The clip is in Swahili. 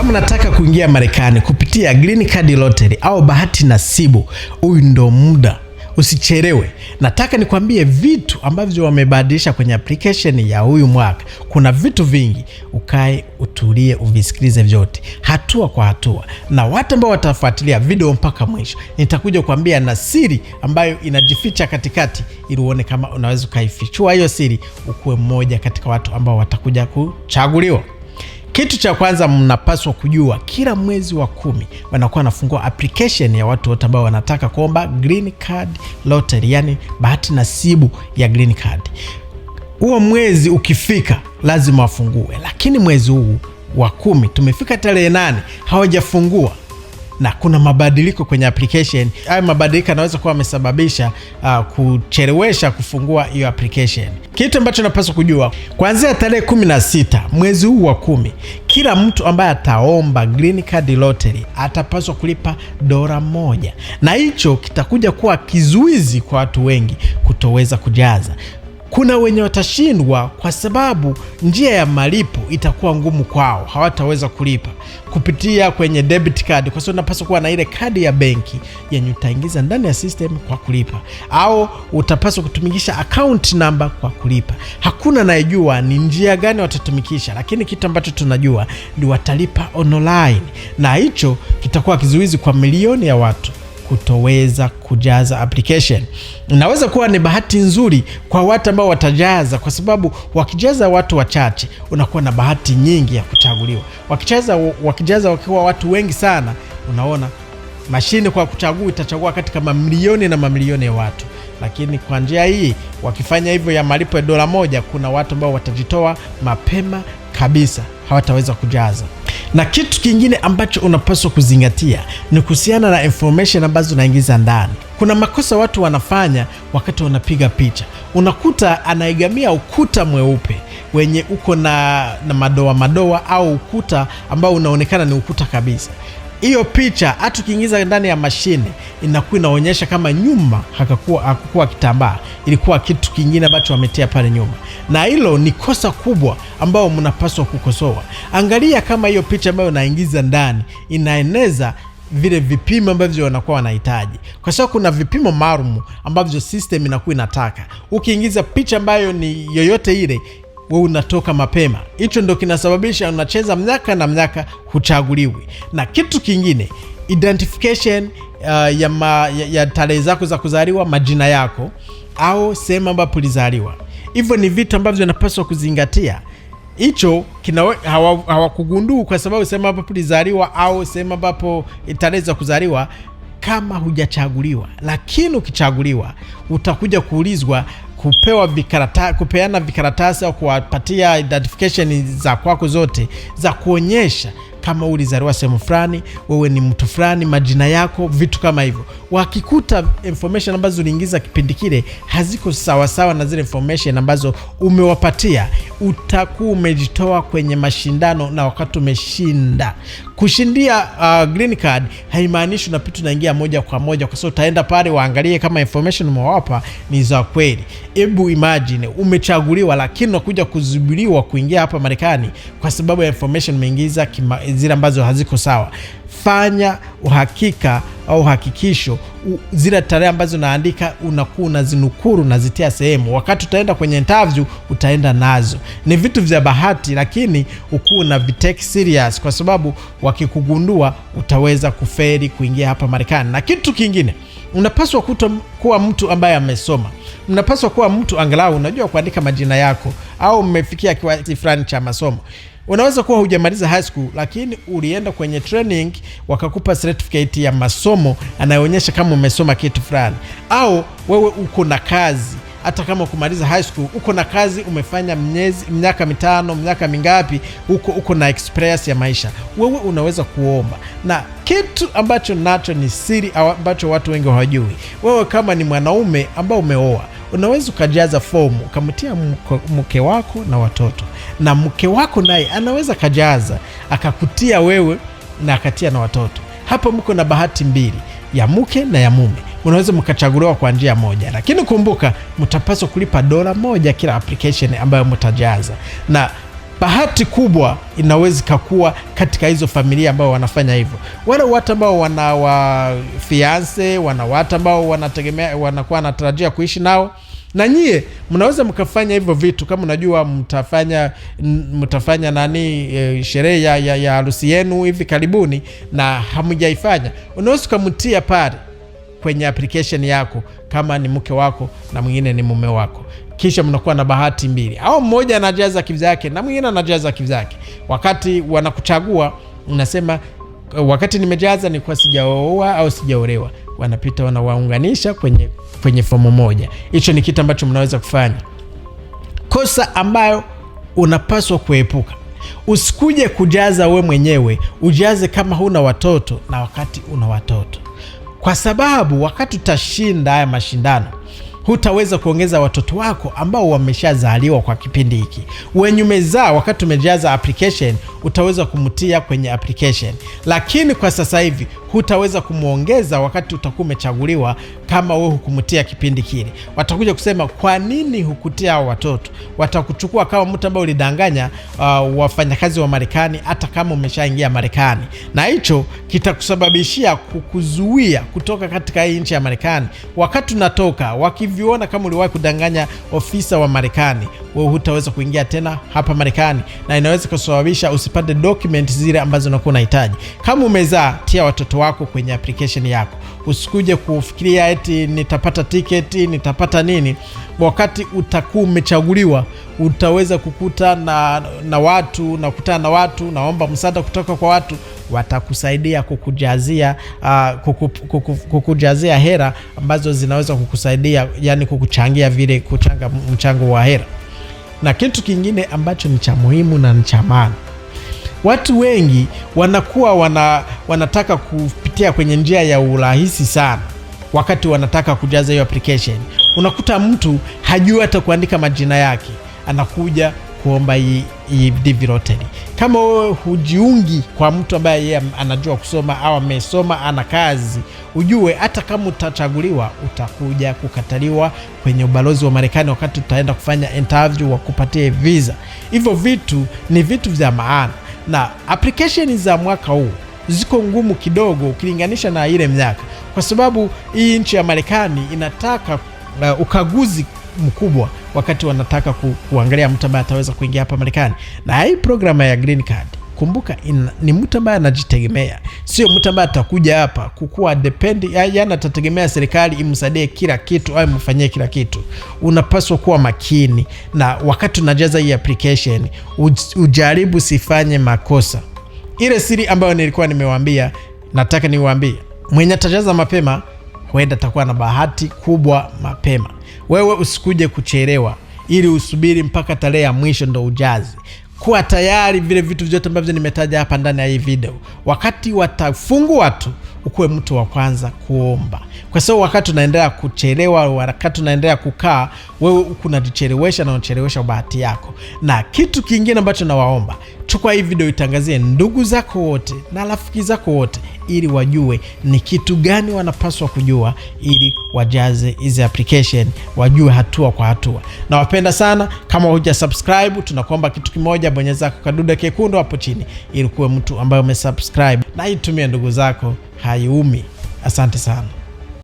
Kama unataka kuingia Marekani kupitia Green Card Lottery au bahati nasibu, huyu ndo muda, usichelewe. Nataka nikwambie vitu ambavyo wamebadilisha kwenye application ya huyu mwaka. Kuna vitu vingi, ukae utulie, uvisikilize vyote hatua kwa hatua, na watu ambao watafuatilia video mpaka mwisho, nitakuja kuambia na siri ambayo inajificha katikati, ili uone kama unaweza ukaifichua hiyo siri, ukuwe mmoja katika watu ambao watakuja kuchaguliwa. Kitu cha kwanza mnapaswa kujua, kila mwezi wa kumi wanakuwa wanafungua application ya watu wote ambao wanataka kuomba green card lottery, yani bahati nasibu ya green card. Huo mwezi ukifika, lazima wafungue, lakini mwezi huu wa kumi tumefika tarehe nane, hawajafungua na kuna mabadiliko kwenye application. Haya mabadiliko yanaweza kuwa yamesababisha uh, kuchelewesha kufungua hiyo application. Kitu ambacho napaswa kujua kuanzia tarehe kumi na sita mwezi huu wa kumi, kila mtu ambaye ataomba green card lottery atapaswa kulipa dola moja, na hicho kitakuja kuwa kizuizi kwa watu wengi kutoweza kujaza kuna wenye watashindwa kwa sababu njia ya malipo itakuwa ngumu kwao, hawataweza kulipa kupitia kwenye debit card, kwa sababu unapaswa kuwa na ile kadi ya benki yenye utaingiza ndani ya system kwa kulipa, au utapaswa kutumikisha account number kwa kulipa. Hakuna anayejua ni njia gani watatumikisha, lakini kitu ambacho tunajua ni watalipa online, na hicho kitakuwa kizuizi kwa milioni ya watu kutoweza kujaza application. Inaweza kuwa ni bahati nzuri kwa watu ambao watajaza, kwa sababu wakijaza watu wachache, unakuwa na bahati nyingi ya kuchaguliwa. Wakijaza, wakijaza wakiwa watu wengi sana, unaona mashine kwa kuchagua itachagua katika mamilioni na mamilioni ya watu. Lakini kwa njia hii, wakifanya hivyo ya malipo ya dola moja, kuna watu ambao watajitoa mapema kabisa, hawataweza kujaza. Na kitu kingine ambacho unapaswa kuzingatia ni kuhusiana na information ambazo unaingiza ndani. Kuna makosa watu wanafanya wakati wanapiga picha, unakuta anaigamia ukuta mweupe wenye uko na, na madoa madoa au ukuta ambao unaonekana ni ukuta kabisa hiyo picha hata ukiingiza ndani ya mashine inakuwa inaonyesha kama nyuma hakakuwa hakukuwa kitambaa, ilikuwa kitu kingine ambacho wametia pale nyuma, na hilo ni kosa kubwa ambao mnapaswa kukosoa. Angalia kama hiyo picha ambayo unaingiza ndani inaeneza vile vipimo ambavyo wanakuwa wanahitaji, kwa sababu kuna vipimo maalum ambavyo system inakuwa inataka. Ukiingiza picha ambayo ni yoyote ile we unatoka mapema. Hicho ndo kinasababisha unacheza mnyaka na mnyaka huchaguliwi. Na kitu kingine identification uh, ya, ma, ya, ya tarehe zako za kuzaliwa, majina yako au sehemu ambapo ulizaliwa. Hivyo ni vitu ambavyo unapaswa kuzingatia. Hicho hawakugunduu hawa kwa sababu sehemu ambapo ulizaliwa au sehemu ambapo tarehe za kuzaliwa kama hujachaguliwa, lakini ukichaguliwa utakuja kuulizwa kupewa vikarata, kupeana vikaratasi au kuwapatia identification za kwako zote za kuonyesha kama ulizaliwa sehemu fulani, wewe ni mtu fulani, majina yako, vitu kama hivyo. Wakikuta information ambazo uliingiza kipindi kile haziko sawasawa na zile information ambazo umewapatia, utakuwa umejitoa kwenye mashindano na wakati umeshinda. Kushindia uh, green card haimaanishi unapita unaingia moja kwa moja, kwa sababu utaenda pale waangalie kama information umewapa ni za kweli. Hebu imagine umechaguliwa, lakini unakuja kuzubiliwa kuingia hapa Marekani kwa sababu ya information umeingiza zile ambazo haziko sawa. Fanya uhakika au uhakikisho zile tarehe ambazo unaandika unakuwa unazinukuru unazitia sehemu. Wakati utaenda kwenye interview utaenda nazo. Ni vitu vya bahati, lakini ukuwa na vitake serious, kwa sababu wakikugundua utaweza kuferi kuingia hapa Marekani. Na kitu kingine unapaswa kuto kuwa mtu ambaye amesoma. unapaswa kuwa mtu angalau unajua kuandika majina yako au mmefikia kiwango fulani cha masomo unaweza kuwa hujamaliza high school, lakini ulienda kwenye training wakakupa certificate ya masomo anayoonyesha kama umesoma kitu fulani, au wewe uko na kazi hata kama kumaliza high school uko na kazi, umefanya mnyezi, miaka mitano miaka mingapi uko uko na experience ya maisha, wewe unaweza kuomba. Na kitu ambacho nacho ni siri, ambacho watu wengi hawajui, wewe kama ni mwanaume ambao umeoa, unaweza ukajaza fomu ukamtia mke wako na watoto na mke wako naye anaweza kajaza akakutia wewe na akatia na watoto. Hapa mko na bahati mbili, ya mke na ya mume, unaweza mkachaguliwa kwa njia moja, lakini kumbuka, mtapaswa kulipa dola moja kila application ambayo mtajaza, na bahati kubwa inaweza kakuwa katika hizo familia ambao wanafanya hivyo, wale watu ambao wana wafianse wana watu ambao wanategemea, wanakuwa wanatarajia kuishi nao na nyie mnaweza mkafanya hivyo vitu kama unajua mtafanya mtafanya nani e, sherehe ya, ya, ya harusi yenu hivi karibuni na hamjaifanya, unaweza ukamtia pale kwenye application yako, kama ni mke wako na mwingine ni mume wako, kisha mnakuwa na bahati mbili, au mmoja anajaza kivyake na mwingine anajaza kivyake. Wakati wanakuchagua unasema wakati nimejaza ni kwa sijaoa au sijaolewa, wanapita wanawaunganisha kwenye, kwenye fomu moja. Hicho ni kitu ambacho mnaweza kufanya, kosa ambayo unapaswa kuepuka. Usikuje kujaza we mwenyewe, ujaze kama huna watoto na wakati una watoto, kwa sababu wakati utashinda haya mashindano hutaweza kuongeza watoto wako ambao wameshazaliwa kwa kipindi hiki. Wenye umezaa wakati umejaza application, utaweza kumtia kwenye application, lakini kwa sasa hivi hutaweza kumwongeza wakati utakuwa umechaguliwa, kama wewe hukumtia kipindi kile. Watakuja kusema kwa nini hukutia hao watoto, watakuchukua kama mtu ambaye ulidanganya uh, wafanyakazi wa Marekani, hata kama umeshaingia Marekani, na hicho kitakusababishia kukuzuia kutoka katika hii nchi ya Marekani. Wakati unatoka, wakiviona kama uliwahi kudanganya ofisa wa Marekani, wewe hutaweza kuingia tena hapa Marekani, na inaweza kusababisha usipate zile ambazo unakuwa unahitaji. Kama umezaa, tia watoto wako kwenye application yako. Usikuje kufikiria eti nitapata tiketi, nitapata nini. Wakati utakuwa umechaguliwa, utaweza kukuta na, na watu nakutana na watu, naomba msaada kutoka kwa watu watakusaidia kukujazia uh, kuku, kuku, kukujazia hera ambazo zinaweza kukusaidia yani, kukuchangia vile kuchanga mchango wa hera. Na kitu kingine ambacho ni cha muhimu na ni cha maana Watu wengi wanakuwa wana, wanataka kupitia kwenye njia ya urahisi sana wakati wanataka kujaza hiyo application. Unakuta mtu hajui hata kuandika majina yake, anakuja kuomba hii lottery. Kama wewe hujiungi kwa mtu ambaye yeye anajua kusoma au amesoma, ana kazi, ujue hata kama utachaguliwa utakuja kukataliwa kwenye ubalozi wa Marekani wakati utaenda kufanya interview wa kupatia visa. Hivyo vitu ni vitu vya maana na application za mwaka huu ziko ngumu kidogo ukilinganisha na ile miaka, kwa sababu hii nchi ya Marekani inataka uh, ukaguzi mkubwa wakati wanataka ku, kuangalia mtu ambaye ataweza kuingia hapa Marekani, na hii programa ya green card Kumbuka in, ni mtu ambaye anajitegemea, sio mtu ambaye atakuja hapa kukuwa depend, yani atategemea serikali imsaidie kila kitu au imfanyie kila kitu. Unapaswa kuwa makini, na wakati unajaza hii application ujaribu sifanye makosa. Ile siri ambayo nilikuwa nimewambia nataka niwaambie, mwenye atajaza mapema huenda atakuwa na bahati kubwa mapema. Wewe usikuje kuchelewa ili usubiri mpaka tarehe ya mwisho ndo ujazi kuwa tayari vile vitu vyote ambavyo nimetaja hapa ndani ya hii video. Wakati watafungua tu ukuwe mtu wa kwanza kuomba, kwa sababu wakati unaendelea kuchelewa, wakati unaendelea kukaa wewe, kunatichelewesha na unachelewesha bahati yako. Na kitu kingine ambacho nawaomba, chukua hii video itangazie ndugu zako wote na rafiki zako wote, ili wajue ni kitu gani wanapaswa kujua, ili wajaze hizi application, wajue hatua kwa hatua. Nawapenda sana. Kama huja subscribe, tunakuomba kitu kimoja, bonyeza kadude kekundu hapo chini, ili kuwe mtu ambaye umesubscribe na itumie ndugu zako, haiumi. Asante sana.